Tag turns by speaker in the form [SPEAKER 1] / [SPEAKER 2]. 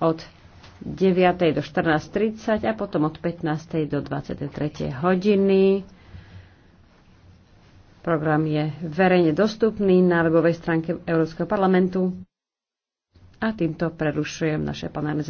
[SPEAKER 1] od 9. do 14.30 a potom od 15. do 23. hodiny. Program je verejne dostupný na webovej stránke Európskeho parlamentu. A týmto prerušujem
[SPEAKER 2] naše panelné